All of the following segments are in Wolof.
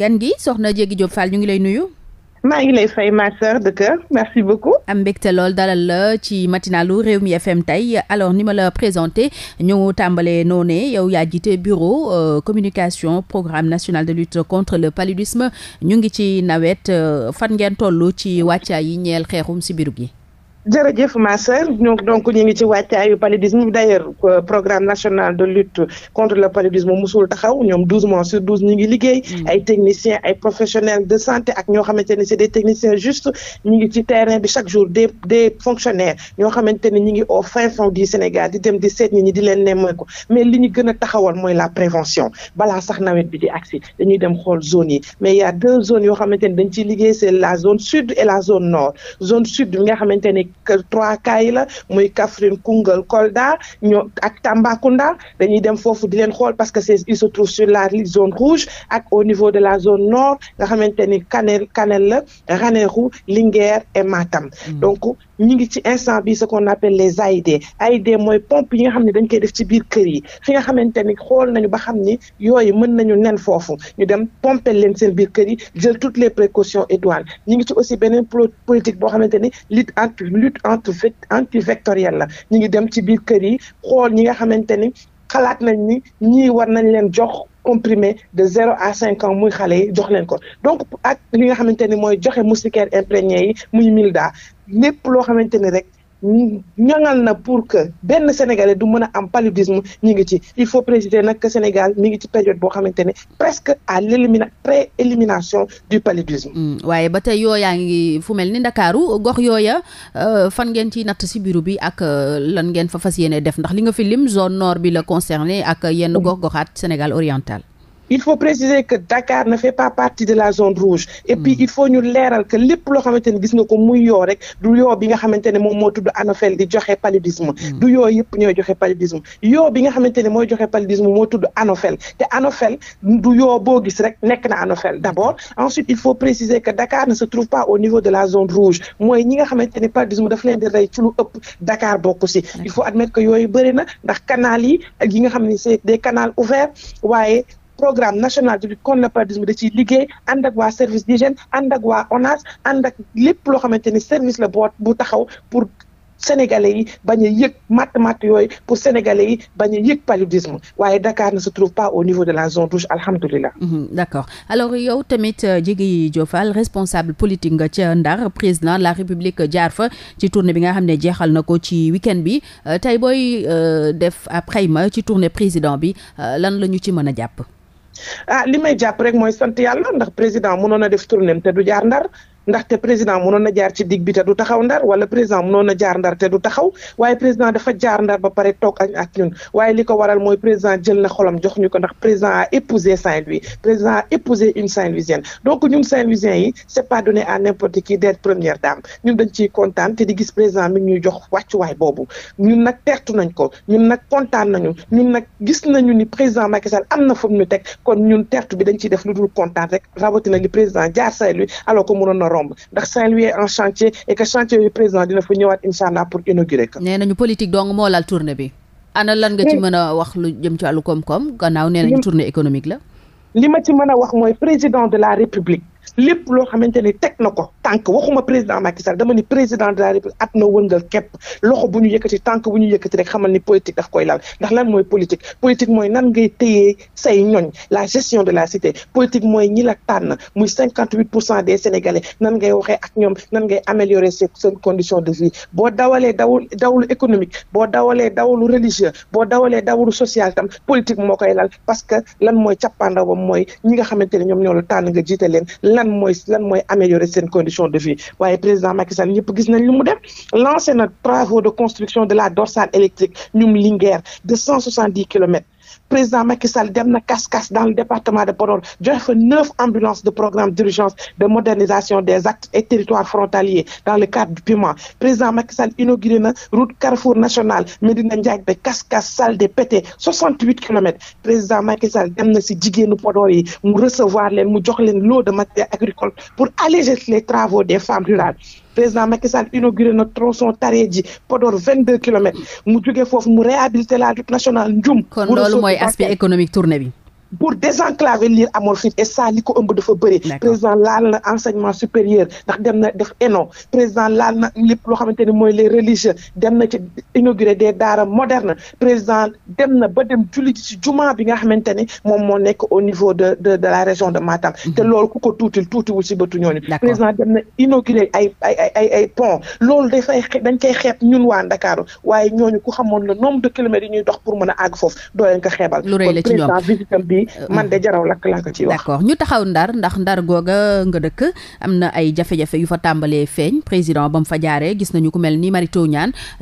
gan gi soxna Diégui Diop Fall ñu ngi lay nuyu. maa ngi lay fay ma sœur de cœur merci beaucoup. am mbégte lool dalal la ci matinalu mi FM tey alors ni ma la présenté ñu tàmbalee noonee yow yaa jiite bureau euh, communication programme national de lutte contre le paludisme ñu ngi ci nawet euh, fan ngeen toll ci wàccaa yi ñeel xeexum sibiru gi. jërëjëf ma sœur donc ñu ngi ci wàccaayu paludisme d'ailleurs euh, programme national de lutte contre le paludisme musul taxaw ñoom douze mois sur douze ñu ngi liggéey mm. ay techniciens ay professionnels de santé ak ñoo xamante ne c'est des techniciens juste ñu ngi ci terrain bi chaque jour des des fonctionnaires ñoo xamante ñu ngi au fin fond Sénégal di dem di seet ñi di leen nemmeeku mais li ñu gën a taxawal mooy la prévention balaa sax nawet bi di agsi dañuy dem xool zone yi mais il deux zones yoo xamante ne dañ ciy liggéey c'est la zone sud et la zone nord zone sud bi nga xamante ne trois cas yi la muy Kaffrine Koungheul Kolda ñoo ak Tambacounda dañuy dem foofu di leen xool parce que c'est il se trouve sur la zone rouge ak au niveau de la zone nord nga xamante ni Kanel Kanel la Ranérou Linguère et Matam hmm. donc ñu ngi ci instant bi ce qu'on appelle les AID AID mooy pompe yi nga xam ne dañ koy def ci biir kër yi fi nga xamante ni xool nañu ba xam ni yooyu mën nañu nen foofu ñu dem pomper leen seen biir kër yi jël toutes les précautions et douanes ñu ngi ci aussi beneen politique boo xamante ni lutte anti antivectorielle la ñu ngi dem ci biir kër yi xool ñi nga xamante ni xalaat nañ ni ñii war nañ leen jox comprimé de zéro à cinq ans muy xale yi jox leen ko donc ak li nga xamante ni mooy joxe moustiquaire imprégné yi muy milda lépp loo xamante ni rek ñoŋal na pour que benn sénégalais du mën a am paludisme ñu ngi ci il faut préciser nag Sénégal mi ngi ci période boo xamante ne presque à l'élimina pré élimination du paludisme. Mm, waaye ba tey yooyaa ngi fu mel ni Ndakaaru gox yooya euh, fan ngeen ciy natt si bureau bi ak euh, lan ngeen fa fas yéene def ndax li nga fi lim zone nord bi la concerné ak yenn gox goxaat Sénégal oriental. il faut préciser que Dakar na fait pas partie de la zone rouge. et puis hmm. il faut ñu leeral que lépp loo xamante ne gis nga ko muy yoo rek du yoo bi nga xamante ne moom moo tudd anophèle di joxe paludisme. Hmm. du yoo yëpp ñooy joxe paludisme yoo bi nga xamante ne mooy joxe paludisme moo tudd anophèle te anophèle du yoo boo gis rek nekk na anophèle d'abord ensuite il faut préciser que Dakar ne sa trouve pas au niveau de la zone rouge mooy ñi nga xamante ne paludisme daf leen di rey ci lu ëpp Dakar bokk si. il faut admettre que yooyu bëri na ndax canal yi yi nga xam ne c'est des canaux waaye. programme national de lutte da ciy liggéey ànd ak waa service d'hygiène ànd ak waa ONAS ànd ak lépp loo xamante ni service la boo bu taxaw pour sénégalais yi bañ a yëg matt matt yooyu pour sénégalais yi bañ a yëg paludisme waaye Dakar ne se trouve pas au niveau de la zone rouge alhamdulilah. Mhm, d' accord alors yow tamit euh, Dieguy Diofal responsable politique nga ca Ndar président de la République euh, jaar fa ci tournée bi nga xam ne jeexal na ko ci week bi euh, tey booy def ab xayma ci tournée président bi lan la ñu ci mën a jàpp. ah li may jàpp rek mooy sant yàlla ndax président mënoon a def tournéem te du jaar ndar ndaxte président mënoon na jaar ci digg bi te du taxaw ndar wala président mënoon na jaar ndar te du taxaw waaye président dafa jaar ndar ba pare toog ak ak ñun waaye li ko waral mooy président jël na xolam jox ñu ko ndax président a épousé Saint-Louis président a épousé une Saint-Louisienne donc ñun Saint-Louisiens yi c'est pas donné à n'importe qui d'être première dame ñun dañ ciy kontaan te di gis président mi ñuy jox wàccuwaay boobu ñun nag tertu nañ ko ñun nag kontaan nañu ñun nag gis nañu ni président Macky Sall am na fu mu ñu teg kon ñun tertu bi dañ ciy def lu dul kontaan rek rawatina li président jaar Saint-Louis alors que mënoon na romb ndax Saint-Louis est en chantier et que chantier yu président dina fa ñëwaat incha allah pour inaugurer ko. nee nañu politique dong moo laal tournée bi. ana lan nga ci mën a wax lu jëm ci wàllu koom-koom gannaaw nee nañu tournée économique la. li ma ci mën a wax mooy président de la république lépp loo xamante ni teg na ko. tànk waxuma président Macky Sall dama ni président de la République at na wëndal képp loxo bu ñu yëkkati tànk bu ñu yëkkati rek xamal ni politique daf koy laal ndax lan mooy politique politique mooy de la cité politique mooy ñi la tànn muy cinquante huit pour cent des sénégalais nan ngay waxee ak ñoom nan ngay améliorer seen boo dawalee dawul dawlu économique boo dawalee dawlu religieux boo dawalee dawlu social tam politique moo koy que lan mooy cappaandawam mooy ñi nga xamante ne ñoom ñoo la tànn nga jiite leen lan mooy lan mooy améliorer seen condition conditions de vie waaye président Macky Sall ñëpp gis nañ lu mu def lancé na travaux de construction de la dorsale électrique ñum Linguère de cent soixante dix président Macky Sall dem département de Podor joxe fa neuf ambulances de programme d'urgence de modernisation des actes et territoires frontaliers dans le cadre du PUMA président Macky Sall inauguré na route carrefour national Medina dem na si jigéenu Podor yi mu recevoir leen mu jox leen lot de matériel agricole pour alléger les travaux des femmes rurales président Macky Sall inauguré na tronçon taree ji Podor 22 kilomètres mu juge foofu mu réhabilité la route nationale Ndioum. kon loolu mooy aspect économique tournée bi. pour désenclaver l'île à Morphine et ça li ko ëmb dafa bëri président laal na enseignement supérieur ndax dem na def ENO président laal na lépp loo xamante ni mooy les religieux dem na ci inauguré des daara modernes président dem na ba dem julli ci jumaa bi nga xamante ni moom moo nekk au niveau de de de la région de Matam mhm. te loolu ku ko tuutil tuutiwul si bëtu ñooñu président dem na inauguré ay ay ay ay ay dañ koy xeeb ñun waa Ndakaaru waaye ñooñu ku xamoon le nombre de kilomètres yi ñuy dox pour mën a àgg foofu doo leen Euh, man de jaraw lakk laa ko ci wax. d'accord ñu taxaw ndar ndax ndar googa nga dëkk am na ay jafe-jafe yu fa tàmbalee feeñ président ba mu fa jaaree gis nañu ku mel ni Mary Teuw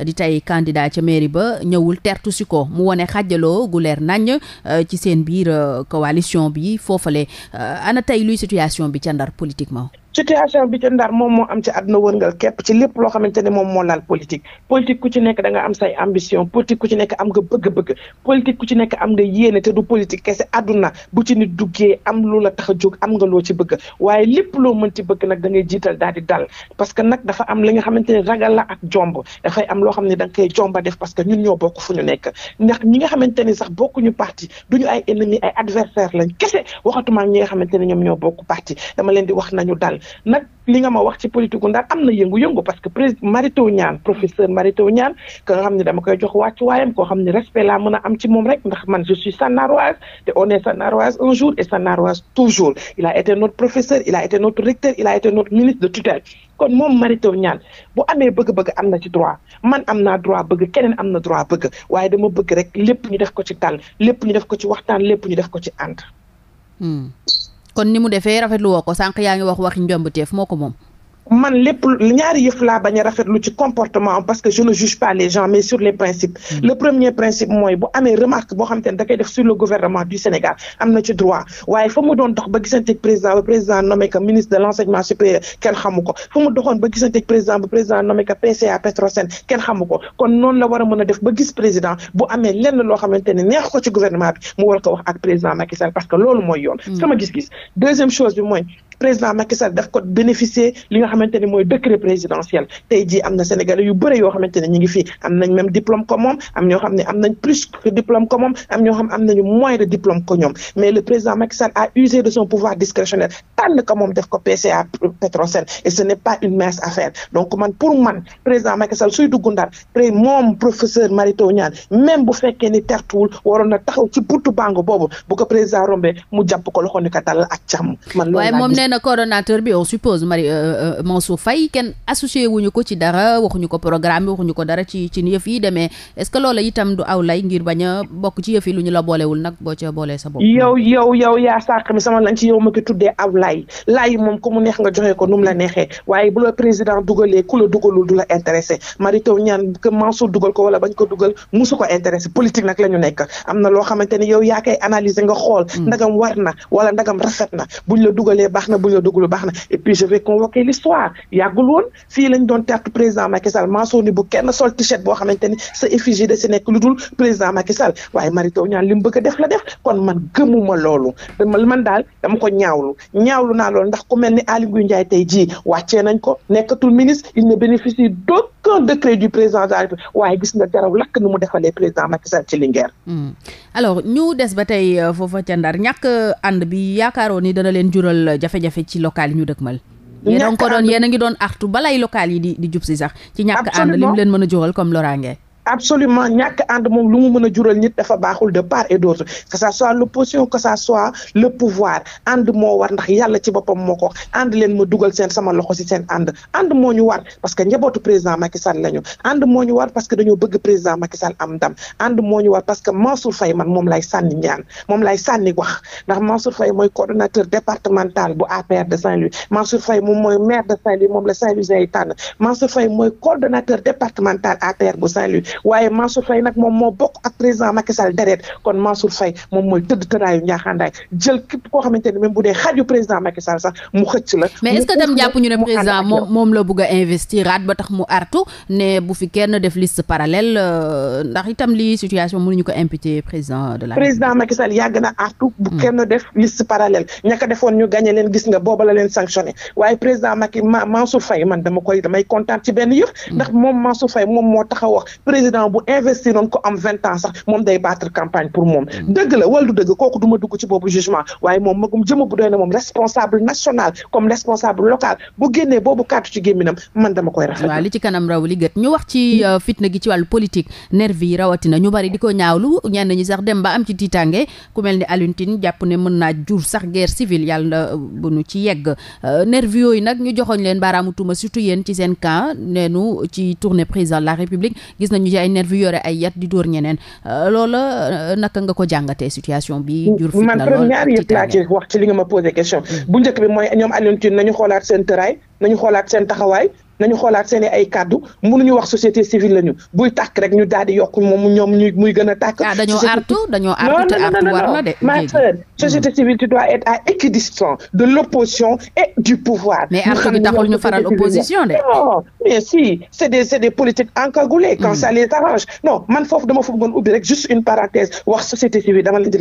di tey candidat ca mairie ba ñëwul tertu si ko mu wone xàjjaloo gu leer nañ euh, ci seen biir euh, coalition bi foofale ana tey luy situation bi ca ndar politiquement. situation bi ci moom moo am ci àdduna wërngal képp ci lépp loo xamante ne moom moo laal politique politique ku ci nekk da am say ambition politique ku ci nekk am ga bëgg-bëgg politique ku ci nekk am nga yéene te du politique kese àdduna bu ci nit duggee am lu la tax a jóg am nga loo ci bëgg waaye lépp loo mën ci bëgg nag da ngay jiital daal di daal parce que nag dafa am li nga xamante ne ragal la ak jomb dafay am loo xam ne danga nga koy jomba def parce que ñun ñoo bokk fu ñu nekk ndax ñi xamante ni sax bokkuñu parti duñu ay ennemi ay adversaire lañ kese waxatuma ñi nga xamante ne ñoom ñoo bokk parti dama leen di wax nañu dal nag li nga ma wax ci politique ndax am na yëngu-yëngu parce que président ñaan Niane professeur Marito Niane ka nga xam ne dama koy jox wàccuwaayam koo xam ne respect laa mën a am ci moom rek ndax man je suis Sanaroise te on est Sanaroise un jour et Sanaroise toujours il a été notre professeur il a été notre recteur il a été notre ministre de tutelle kon moom Marito Niane bu amee bëgg-bëgg am na ci droit man am naa droit bëgg keneen am na droit bëgg waaye dama bëgg rek lépp ñu def ko ci tànn lépp ñu def ko ci waxtaan lépp ñu def ko ci ànd hmm. kon ni mu defee rafetlu woo ko sànq yaa ngi wax waxi njombuteef moo ko moom. man lépp ñaari yëf laa bañ a rafetlu ci comportement am parce que je ne juge pas les gens mais sur les principes. Hmm. le premier principe mooy bu amee remarque boo xam te ne da koy def sur le gouvernement du Sénégal am na ci droit waaye fa mu doon dox ba gisanteeg président ba président nommé ko ministre de xamu ko ba gisanteeg président ba président nommé ko ko kon noonu la war a mën a def ba gis président bu amee lenn loo xamante ne neex ko ci gouvernement bi mu war ko wax ak président Macky parce que loolu mooy yoon. Hmm. sama gis président Macky Sall daf ko bénéficier li xamante ne mooy décret présidentiel tey jii am na Sénégalais yu bëri yoo xamante ne ñu ngi fii am nañ même diplôme ko moom am ñoo xam ne am nañ plus que diplôme ko moom am ñoo xam am nañu moins de diplôme ko ñoom mais le président Macky a usé de son pouvoir discrétionnaire tànn ko moom def ko PCA Petrosen et ce n'est pas une mince affaire donc man pour man président Macky suy dugg Ndar pré professeur Mary bu fekkee ni tertuwul waroon na taxaw ci buntu bango boobu bu ko président loxo ni ko na coordonnateur bi on suppose Marie euh, euh, euh, Mansour Faye kenn associé wuñu ko ci dara waxuñu ko programme bi ko dara ci ci yëf yi demee est ce que loola itam du aw lay ngir bañ bokk ci yëf yi lu ñu la boolewul nag boo ca boolee sa bopp. yow yow yow yaa sàq mi sama lañ ci yow ma ko tuddee aw lay lay moom ku mu neex nga joxe ko nu mu la neexee waaye bu la président dugalee ku la dugalul du la intéressé Mary ñaan Niane que Mansour dugal ko wala bañ ko dugal musu ko intéressé politique nag la ñu nekk am na loo xamante ni yow yaa koy analyser nga xool hmm. ndagam war na wala ndagam rafet na buñ la dugalee baax na bu ñu duggul baax na et puis je vais convoquer l'histoire yàggul woon fii lañ doon tertu président Macky Sall Mansour bu kenn sol t-shirt boo xamante ni sa effigie da si nekk lu dul président Macky Sall waaye Mary Teuw Niane li mu a def la def kon man gëmuma loolu man daal dama ko ñaawlu ñaawlu naa loolu ndax ku mel ni Aly Ngouille Ndiaye tey jii wàccee nañ ko nekkatul ministre il ne bénéficie d'aucun décret du président de la waaye gis nga jaraw lakk jafe ci local yi ñu dëkkmal. yéen a ngi ko doon yéen a ngi doon artu balay local yi di di jub si sax. ci ñàkk ànd li mu leen mën a joxal comme loraange. absolument ñàkk ànd moom lu mu mën a jural nit dafa baaxul de part et d'autre que ça soit l'opposition que ça soit le pouvoir ànd moo war ndax yàlla ci boppam moo ko ànd leen ma dugal seen sama loxo si seen ànd ànd moo ñu war parce que njabootu président Macky Sall lañu ànd moo ñu war parce que dañoo bëgg président Macky Sall am ndam ànd moo ñu war parce que Mansour Faye man moom lay sanni ñaan moom lay sànni wax ndax Mansour Faye mooy coordonnateur départemental bu APR de Saint-Louis Mansour moom mooy maire de saint moom la Saint-Louis ay tànn Mansour Faye mooy coordonnateur waaye Mansour Faye nag moom moo bokk ak président Macky Sall deret kon Mansour Faye ne même bu dee xaju président Macky Sall sax mu xëcc la. mais est-ce que dem jàpp ba tax mu artu bu fi kenn def liste parallèle euh, ndax itam lii situation mënuñu ko imputer président de la. président Macky Sall yàgg na artu bu hmm. kenn def liste parallèle ñaka ñu gagné leen gis nga booba la leen sanctionné waaye président Macky Mansour Faye man dama koy damay kontaan ci benn yëf. Hmm. ndax moom Mansour Faye moom moo tax président bu investir noonu ko am vingt ans sax moom day battre campagne pour moom mm. dëgg la wala dëgg kooku du dugg ci boobu jugement waaye moom magum jëma bu doy na moom responsable national comme responsable local bu génnee boobu kàddu ci gémminam man dama koy rafet waaw li ci kanam raw li gët ñu wax ci mm. euh, fitna gi ci wàllu politique nervi yi rawatina ñu bari di ko ñaawlu ñenn ñi sax dem ba am ci tiitange ku mel ni Alioune jàpp ne mën naa jur ay nervi yore ay yat di door ñeneen euh, loola euh, naka nga ko jàngatee situation bi jur fitna man premier ñaari yëpp laa wax ci li nga ma posé question mm. bu njëkk bi mooy ñoom Alioune Tine nañu xoolaat seen tëraay nañu xoolaat seen taxawaay nañu xoolaat seen ay kàddu mënuñu wax société civile lañu buy tàkk rek ñu daal yokk moom ñoom ñuy muy gën a tàkk. ah dañoo artu dañoo artu te artu war na de. ma mm. société civile tu dois être à équidistant de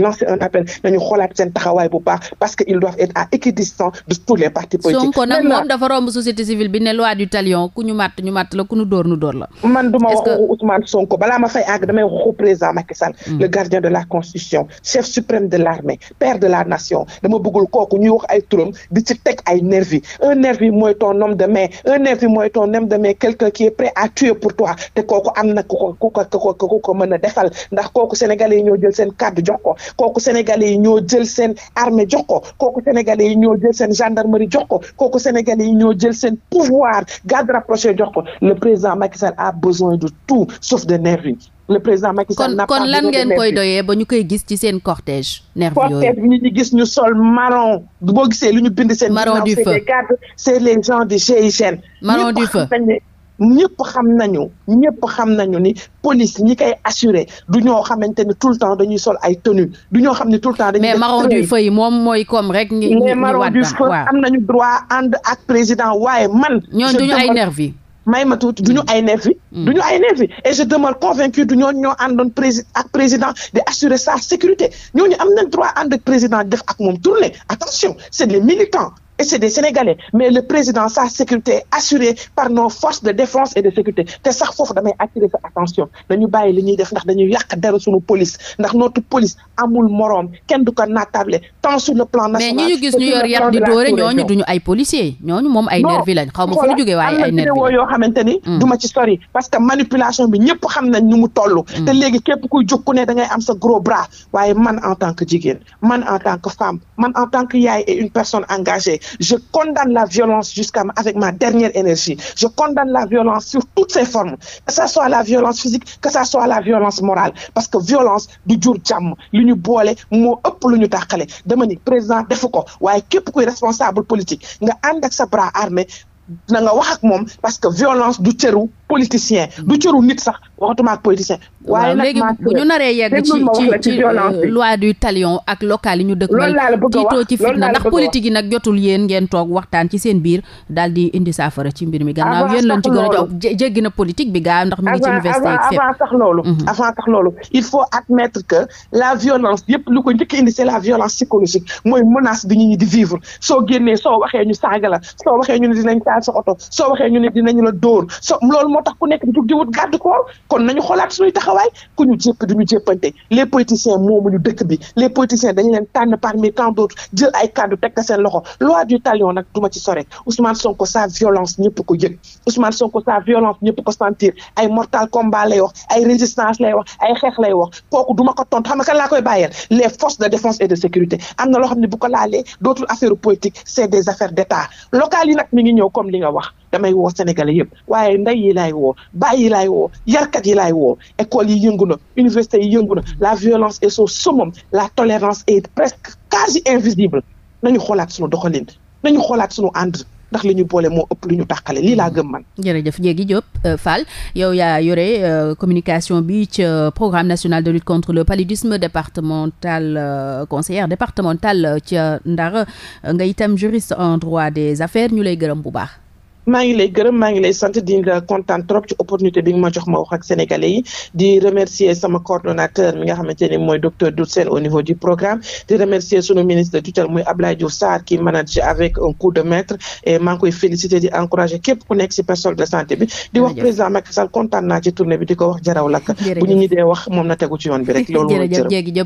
lancer un appel nañu xoolaat seen taxawaay bu baax parce que ils doivent être à équidistant de tous les partis politiques. Sonko nag moom dafa romb société civile bi ne loi du tali millions ku ñu màtt ñu màtt la ku ñu dóor nu dóor la. man du ma wax Ousmane Sonko balaa ma fay àgg damay waxu président Macky Sall. Hmm. le gardien de la constitution chef suprême de l'armée père de la nation dama bëggul kooku ñuy wax ay turam di teg ay nervi un nervi mooy ton homme de main un nervi mooy ton homme de main quelqu'un qui est prêt à tuer pour toi te kooku am na ku ko ku ko ku ko mën a defal ndax kooku sénégalais yi ñoo jël seen carte ko kooku sénégalais yi yi ñoo jël seen gendarmerie jox ko kooku sénégalais yi ñoo cadre rapproché jox ko le président Macky Sall a besoin de tout sauf de nervi le président Macky kon lan koy doyee ba ñu koy gis ci seen cortège nervi yooyu cortège bi ñu gis ñu sol marron boo gisee lu ñu bind seen marron du feu c'est les gens marron du feu ñëpp xam nañu ñëpp xam nañu ni police ñi koy assuré du ñoo xamante ne tout le temps dañuy sol ay tenues du ñoo xam ne tout le temps. dañuy mais marron du feu yi moom mooy comme rek. ñu ñu marron du feu am nañu droit ànd ak président waaye man. ñooñu duñu ay nervi mais ma tuuti du ñu mm. ay nervi mm. du ñu ay nervi et je demeure convaincu du ñooñu ñoo àndoon prési ak président di assurer sa sécurité ñooñu am nañ droit ànd ak président def ak moom tourner attention c'est des militants. et c'est des Sénégalais mais le président sa sécurité est assurée par nos forces de défense et de sécurité te sax foofu damay attirer sa attention dañu bàyyi li ñuy def ndax dañu yàq dara suñu police ndax notre police amul moroom kenn du ko naatable tant sur le plan national mais ñi ñu gis ñu yor yar di dóore ñooñu duñu ay policiers ñooñu moom ay nervi lañ xaw ma fu waaye ay nervi yoo xamante ni mm. du ma ci sori parce que manipulation bi ñëpp xam nañ ñu mu toll mm. te kuy jóg ne da ngay am sa gros bras waaye man en tant que jigéen man en tant que femme man en tant que yaay Je condamne la violence jusqu'à avec ma dernière énergie. Je condamne la violence sur toutes ses formes, que ça soit la violence physique, que ça soit la violence morale parce que violence du jur jàmm lu ñu boole moo ëpp lu ñu tàqale dama ni président defu ko waaye képp kuy responsable politique nga ànd sa bras armé na nga wax ak moom parce que violence du cëru politicien du cëru nit sax waxatuma ak politicien. waaye nag léegi bu ñu naree yegg ci ci euh, du talion ak local yi ñu dëkk. loolu laa la bëgg a wax ci fitna ndax politique yi nag jotul yéen ngeen toog waxtaan ci seen biir daal di indi saafara ci mbir mi. gannaaw yéen lañ ci gën a jox jéggi na bi gaa ndax mi ngi ci université ak fépp. Mhm. avant sax loolu. il faut admettre que la violence yëpp lu ko njëkk indi c'est la violence psychologique mooy menace bi ñu di vivre soo génnee soo waxee ñu la soo waxee ñu ne dinañ taal sa oto soo waxee ñu ne dinañ la dóor moo tax ku nekk di jug di wut garde corps kon nañu xoolaat suñuy taxawaay ku ñu jépp du ñu jéppante les politiciens moomuñu dëkk bi les politiciens dañu leen tànn parmi tant d'autres jël ay kàddu teg ko seen loxo loi du talion nag duma ci sore Ousmane Sonko sa violence ñëpp ko yëg Ousmane Sonko sa violence ñëpp ko sentir ay mortal combat lay wax ay résistance lay wax ay xeex lay wax kooku duma ko tontu xam nga kan laa koy bàyyeel les forces de défense et de na loo xam ne bu ko laalee dootul affaire politique c'est des yi nag mi ngi ñëw comme li nga wax damay woo sénégalais yëpp waaye ndey yi laay woo bàyyi yi laay woo yarkat yi laay woo école yi yëngu na université yi yëngu la violence et au summum la tolérance est presque quasi invisible nañu xoolaat sunu doxalin nañu xoolaat sunu ànd ndax li ñu boole moo ëpp lu ñu tàqale lii laa gëm man. jërëjëf Diégui Diop euh, Fall yow yaa yore euh, communication bi ci programme national de lutte contre le paludisme départemental euh, conseillère départemental ca Ndar nga itam juriste en des affaires ñu lay gërëm bu baax. maa ngi lay gërëm maa ngi lay sant di la kontaan trop ci opportunité bi nga ma jox ma wax ak sénégalais yi di remercier sama coordonnateur mi nga xamante ni mooy docteur Doudou Sène au niveau du programme di remercier sunu ministre de tutelle muy Abdoulaye Diouf Sarr qui manage avec un coup de maître et maa ngi koy féliciter di encourager képp ku nekk ci personnel de santé bi di wax président Macky Sall kontaan naa ci tournée bi di ko wax jaraw lakk bu ñu dee wax moom na tegu ci yoon bi rek